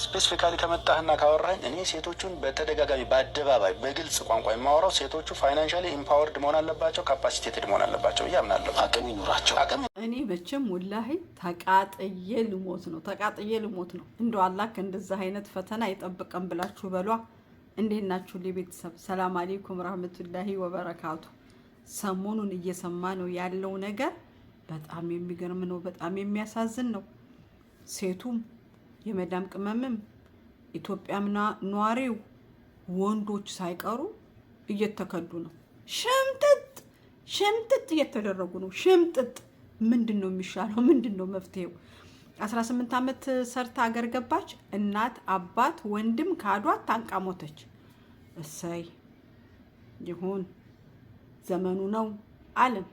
ስፔሲፊካሊ ከመጣህና ካወራኝ እኔ ሴቶቹን በተደጋጋሚ በአደባባይ በግልጽ ቋንቋ የማወራው ሴቶቹ ፋይናንሻሊ ኢምፓወርድ መሆን አለባቸው፣ ካፓሲቴትድ መሆን አለባቸው ብዬ አምናለሁ። አቅም ይኑራቸው። እኔ በቸም ወላሂ ተቃጥዬ ልሞት ነው፣ ተቃጥዬ ልሞት ነው። እንደ አላክ እንደዛ አይነት ፈተና ይጠብቀን ብላችሁ በሏ። እንዴት ናችሁ ቤተሰብ? ሰላም አሌይኩም ረህመቱላሂ ወበረካቱ። ሰሞኑን እየሰማ ነው ያለው ነገር በጣም የሚገርም ነው፣ በጣም የሚያሳዝን ነው። ሴቱም የመዳም ቅመምም ኢትዮጵያም ነዋሪው ወንዶች ሳይቀሩ እየተከዱ ነው። ሽምጥጥ ሽምጥጥ እየተደረጉ ነው። ሽምጥጥ ምንድን ነው የሚሻለው? ምንድን ነው መፍትሄው? 18 ዓመት ሰርታ አገር ገባች። እናት አባት፣ ወንድም ካዷት ታንቃሞተች። እሰይ ይሁን ዘመኑ ነው አለም።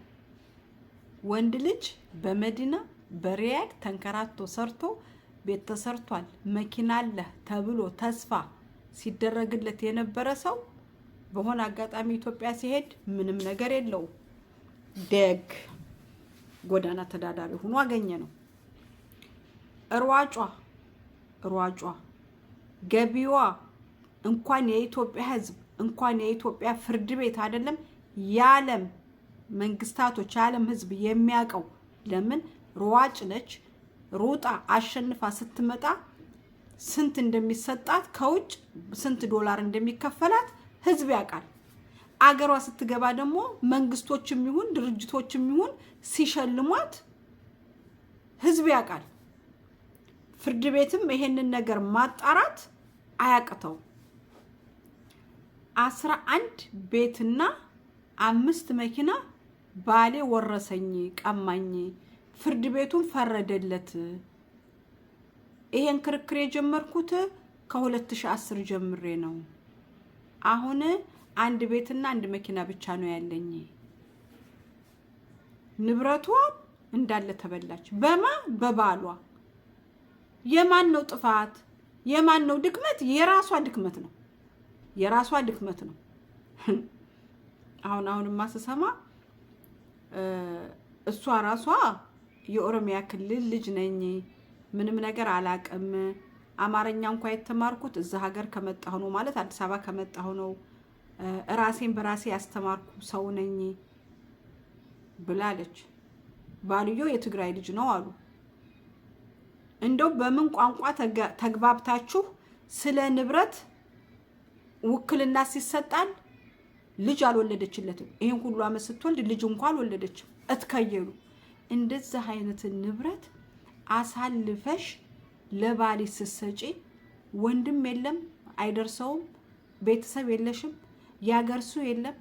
ወንድ ልጅ በመዲና በሪያድ ተንከራቶ ሰርቶ ቤት ተሰርቷል፣ መኪና አለህ ተብሎ ተስፋ ሲደረግለት የነበረ ሰው በሆነ አጋጣሚ ኢትዮጵያ ሲሄድ ምንም ነገር የለው ደግ ጎዳና ተዳዳሪ ሆኖ አገኘ ነው። ሯጯ ሯጯ ገቢዋ እንኳን የኢትዮጵያ ሕዝብ እንኳን የኢትዮጵያ ፍርድ ቤት አይደለም የዓለም መንግስታቶች የዓለም ሕዝብ የሚያውቀው ለምን ሯጭ ነች። ሮጣ አሸንፋ ስትመጣ ስንት እንደሚሰጣት ከውጭ ስንት ዶላር እንደሚከፈላት ህዝብ ያውቃል። አገሯ ስትገባ ደግሞ መንግስቶችም ይሁን ድርጅቶችም ይሁን ሲሸልሟት ህዝብ ያውቃል። ፍርድ ቤትም ይሄንን ነገር ማጣራት አያቅተው። አስራ አንድ ቤትና አምስት መኪና ባሌ ወረሰኝ ቀማኝ ፍርድ ቤቱን ፈረደለት። ይሄን ክርክር የጀመርኩት ከ2010 ጀምሬ ነው። አሁን አንድ ቤትና አንድ መኪና ብቻ ነው ያለኝ። ንብረቷ እንዳለ ተበላች። በማ በባሏ የማን ነው ጥፋት? የማን ነው ድክመት? የራሷ ድክመት ነው። የራሷ ድክመት ነው። አሁን አሁን ስሰማ እሷ ራሷ የኦሮሚያ ክልል ልጅ ነኝ፣ ምንም ነገር አላቅም፣ አማርኛ እንኳ የተማርኩት እዛ ሀገር ከመጣሁ ነው ማለት አዲስ አበባ ከመጣሁ ነው፣ ራሴን በራሴ ያስተማርኩ ሰው ነኝ ብላለች። ባልዮ የትግራይ ልጅ ነው አሉ። እንደው በምን ቋንቋ ተግባብታችሁ ስለ ንብረት ውክልና ሲሰጣል ልጅ አልወለደችለትም። ይህን ሁሉ አመት ስትወልድ ልጅ እንኳ አልወለደችም። እትከየሉ እንደዚህ አይነትን ንብረት አሳልፈሽ ለባሊ ስትሰጪ ወንድም የለም አይደርሰውም፣ ቤተሰብ የለሽም፣ ያገርሱ የለም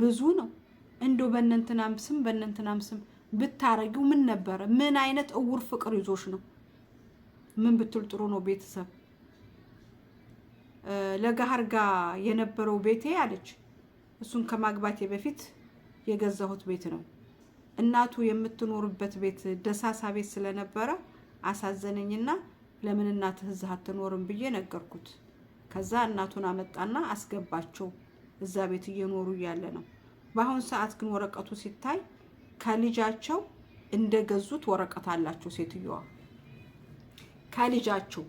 ብዙ ነው። እንዶ በእነንትናም ስም በእነንትናም ስም ብታረጊው ምን ነበረ? ምን አይነት እውር ፍቅር ይዞሽ ነው? ምን ብትል ጥሩ ነው? ቤተሰብ ለጋህር የነበረው ቤቴ አለች። እሱን ከማግባቴ በፊት የገዛሁት ቤት ነው። እናቱ የምትኖርበት ቤት ደሳሳ ቤት ስለነበረ አሳዘነኝና ለምን እናትህ እዛ አትኖርም ብዬ ነገርኩት። ከዛ እናቱን አመጣና አስገባቸው። እዛ ቤት እየኖሩ እያለ ነው። በአሁን ሰዓት ግን ወረቀቱ ሲታይ ከልጃቸው እንደገዙት ወረቀት አላቸው። ሴትዮዋ ከልጃቸው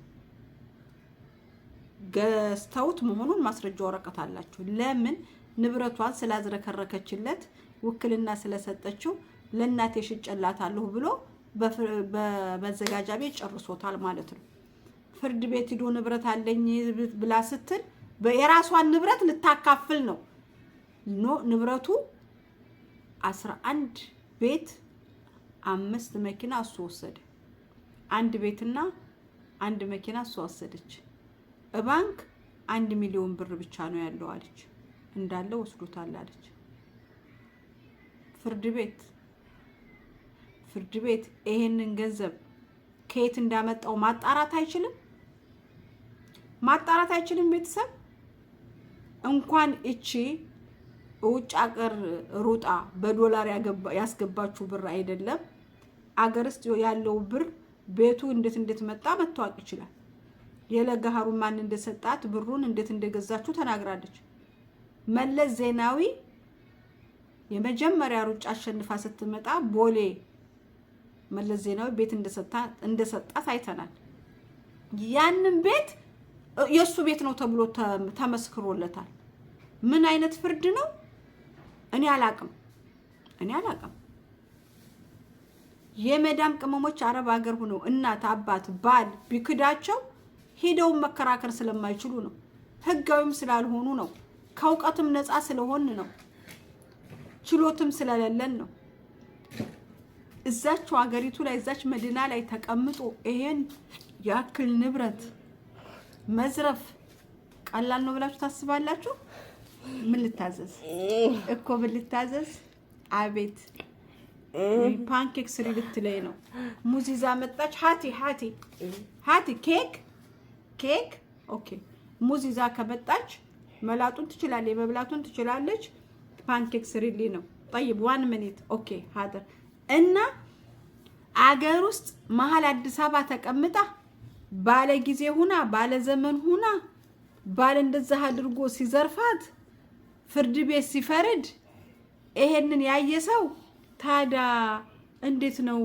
ገዝተውት መሆኑን ማስረጃ ወረቀት አላቸው። ለምን ንብረቷን ስላዝረከረከችለት ውክልና ስለሰጠችው ለእናቴ ሽጨላታለሁ ብሎ በመዘጋጃ ቤት ጨርሶታል ማለት ነው። ፍርድ ቤት ሂዶ ንብረት አለኝ ብላ ስትል የራሷን ንብረት ልታካፍል ነው። ኖ ንብረቱ አስራ አንድ ቤት አምስት መኪና እሱ ወሰደ። አንድ ቤትና አንድ መኪና እሷ ወሰደች። ባንክ አንድ ሚሊዮን ብር ብቻ ነው ያለው አለች። እንዳለ ወስዶታል አለች ፍርድ ቤት ፍርድ ቤት ይሄንን ገንዘብ ከየት እንዳመጣው ማጣራት አይችልም፣ ማጣራት አይችልም። ቤተሰብ እንኳን እቺ ውጭ አገር ሩጣ በዶላር ያስገባችው ብር አይደለም አገር ውስጥ ያለው ብር ቤቱ እንዴት እንዴት መጣ መታወቅ ይችላል። የለጋሃሩን ማን እንደሰጣት ብሩን እንዴት እንደገዛችሁ ተናግራለች። መለስ ዜናዊ የመጀመሪያ ሩጫ አሸንፋ ስትመጣ ቦሌ መለስ ዜናዊ ቤት እንደሰጣት አይተናል። ያንን ቤት የእሱ ቤት ነው ተብሎ ተመስክሮለታል። ምን አይነት ፍርድ ነው? እኔ አላቅም፣ እኔ አላቅም። የመዳም ቅመሞች አረብ ሀገር ሆነው እናት፣ አባት፣ ባል ቢክዳቸው ሄደውን መከራከር ስለማይችሉ ነው። ህጋዊም ስላልሆኑ ነው። ከእውቀትም ነፃ ስለሆን ነው። ችሎትም ስለሌለን ነው። እዛቸው ሀገሪቱ ላይ እዛች መዲና ላይ ተቀምጦ ይሄን ያክል ንብረት መዝረፍ ቀላል ነው ብላችሁ ታስባላችሁ? ምን ልታዘዝ እኮ ምን ልታዘዝ? አቤት ፓንኬክ ስሪ ልትለኝ ነው። ሙዝ ይዛ መጣች። ሀቲ ሀቲ ሀቲ ኬክ ኬክ ኦኬ። ሙዝ ይዛ ከመጣች መላጡን ትችላለች፣ የመብላቱን ትችላለች። ፓንኬክ ስሪልኝ ነው። ጠይብ ዋን ምኒት ኦኬ ሀደር እና አገር ውስጥ መሀል አዲስ አበባ ተቀምጣ ባለ ጊዜ ሁና ባለ ዘመን ሁና ባል እንደዛ አድርጎ ሲዘርፋት ፍርድ ቤት ሲፈርድ ይሄንን ያየ ሰው ታዲያ እንዴት ነው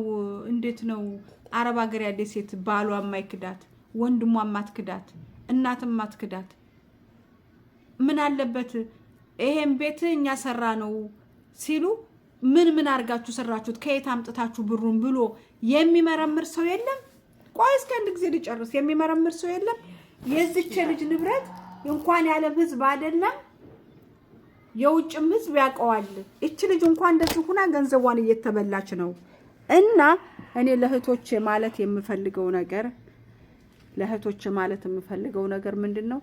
እንዴት ነው አረብ ሀገር ያለ ሴት ባሏ ማይክዳት ወንድሟ ማትክዳት እናትም ማትክዳት ምን አለበት ይሄን ቤት እኛ ሰራ ነው ሲሉ ምን ምን አድርጋችሁ ሰራችሁት፣ ከየት አምጥታችሁ ብሩን ብሎ የሚመረምር ሰው የለም። ቆይ እስኪ አንድ ጊዜ ሊጨርስ የሚመረምር ሰው የለም። የዚች ልጅ ንብረት እንኳን ያለ ህዝብ አይደለም የውጭም ህዝብ ያውቀዋል። እቺ ልጅ እንኳን እንደዚህ ሁና ገንዘቧን እየተበላች ነው። እና እኔ ለእህቶች ማለት የምፈልገው ነገር ለእህቶቼ ማለት የምፈልገው ነገር ምንድን ነው?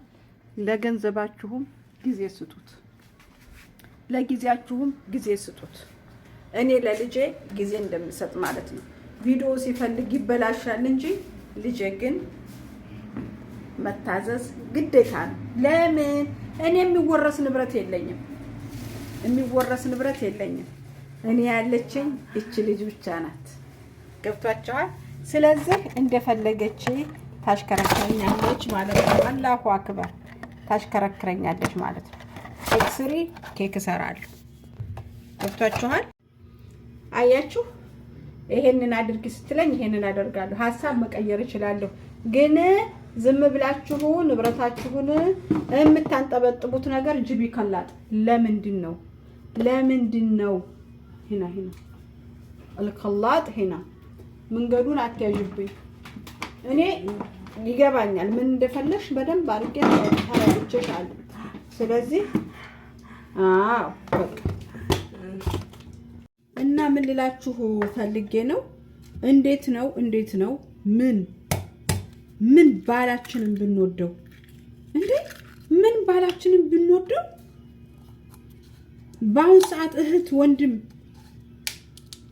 ለገንዘባችሁም ጊዜ ስጡት፣ ለጊዜያችሁም ጊዜ ስጡት። እኔ ለልጄ ጊዜ እንደምሰጥ ማለት ነው። ቪዲዮ ሲፈልግ ይበላሻል እንጂ ልጄ ግን መታዘዝ ግዴታ ነው። ለምን እኔ የሚወረስ ንብረት የለኝም፣ የሚወረስ ንብረት የለኝም። እኔ ያለችኝ እች ልጅ ብቻ ናት። ገብቷቸዋል። ስለዚህ እንደፈለገች ታሽከረክረኛለች ማለት ነው። አላሁ አክበር ታሽከረክረኛለች ማለት ነው። ኤክስሪ ኬክ እሰራለሁ። ገብቷችኋል። አያችሁ ይሄንን አድርግ ስትለኝ ይሄንን አደርጋለሁ። ሀሳብ መቀየር እችላለሁ። ግን ዝም ብላችሁ ንብረታችሁን የምታንጠበጥቡት ነገር ጅብ ይከላጥ። ለምንድን ነው ለምንድን ነው ሂና ሂና አልከላጥ ሂና መንገዱን አትያዥብኝ። እኔ ይገባኛል ምን እንደፈለሽ በደንብ አድርጌ ተረድቼሻለሁ። ስለዚህ አዎ በቃ እና ምን ልላችሁ ፈልጌ ነው። እንዴት ነው እንዴት ነው ምን ምን ባላችንን ብንወደው እንዴ ምን ባላችንን ብንወደው በአሁኑ ሰዓት እህት ወንድም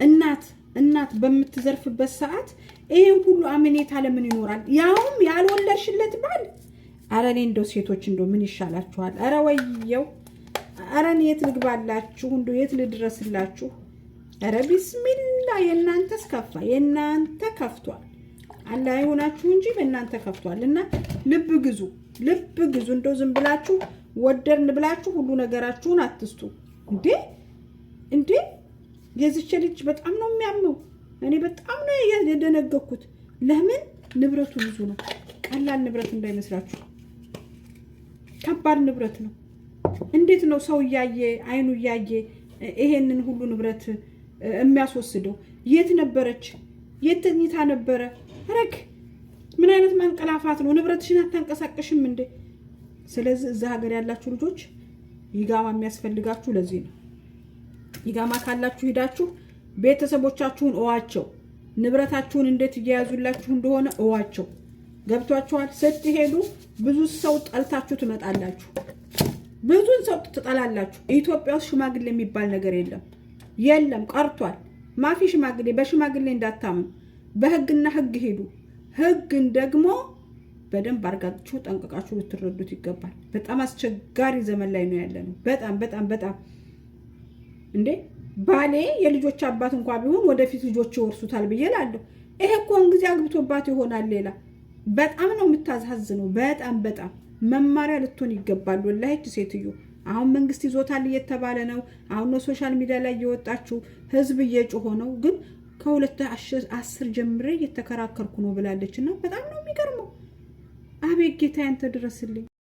እናት እናት በምትዘርፍበት ሰዓት ይሄን ሁሉ አመኔታ ለምን ይኖራል? ያውም ያልወለድሽለት ባል። አረ እኔ እንደው ሴቶች እንደው ምን ይሻላችኋል? አረ ወየው፣ አረ እኔ የት ልግባላችሁ? እንደው የት ልድረስላችሁ? ኧረ ቢስሚላ የእናንተስ ከፋ። የእናንተ ከፍቷል። አንድ አይሆናችሁ እንጂ በእናንተ ከፍቷል። እና ልብ ግዙ፣ ልብ ግዙ። እንደው ዝም ብላችሁ ወደርን ብላችሁ ሁሉ ነገራችሁን አትስቱ እንዴ እንዴ የዚች ልጅ በጣም ነው የሚያመው። እኔ በጣም ነው የደነገኩት። ለምን ንብረቱ ብዙ ነው። ቀላል ንብረት እንዳይመስላችሁ ከባድ ንብረት ነው። እንዴት ነው ሰው እያየ አይኑ እያየ ይሄንን ሁሉ ንብረት የሚያስወስደው? የት ነበረች? የት ተኝታ ነበረ? ረግ ምን አይነት መንቀላፋት ነው? ንብረትሽን አታንቀሳቀሽም እንዴ? ስለዚህ እዛ ሀገር ያላችሁ ልጆች ይጋማ የሚያስፈልጋችሁ ለዚህ ነው። ይጋማ ካላችሁ ሂዳችሁ ቤተሰቦቻችሁን እዋቸው፣ ንብረታችሁን እንዴት እየያዙላችሁ እንደሆነ እዋቸው። ገብቷችኋል? ስትሄዱ ብዙ ሰው ጠልታችሁ ትመጣላችሁ። ብዙን ሰው ትጠላላችሁ። ኢትዮጵያ ውስጥ ሽማግሌ የሚባል ነገር የለም። የለም ቀርቷል። ማፊ ሽማግሌ በሽማግሌ እንዳታምኑ፣ በህግና ህግ ሄዱ። ህግን ደግሞ በደንብ አርጋችሁ ጠንቅቃችሁ ልትረዱት ይገባል። በጣም አስቸጋሪ ዘመን ላይ ነው ያለ ነው። በጣም በጣም በጣም እንዴ ባሌ የልጆች አባት እንኳ ቢሆን ወደፊት ልጆች ይወርሱታል ብዬ ላለሁ። ይሄ እኮን ጊዜ አግብቶባት ይሆናል ሌላ። በጣም ነው የምታሳዝነው። በጣም በጣም መማሪያ ልትሆን ይገባሉ። ላይች ሴትዮ አሁን መንግስት ይዞታል እየተባለ ነው። አሁን ነው ሶሻል ሚዲያ ላይ እየወጣችሁ ህዝብ እየጮሆ ነው። ግን ከሁለት አስር ጀምሬ እየተከራከርኩ ነው ብላለች እና በጣም ነው የሚገርመው። አቤት ጌታ ያንተ ድረስልኝ።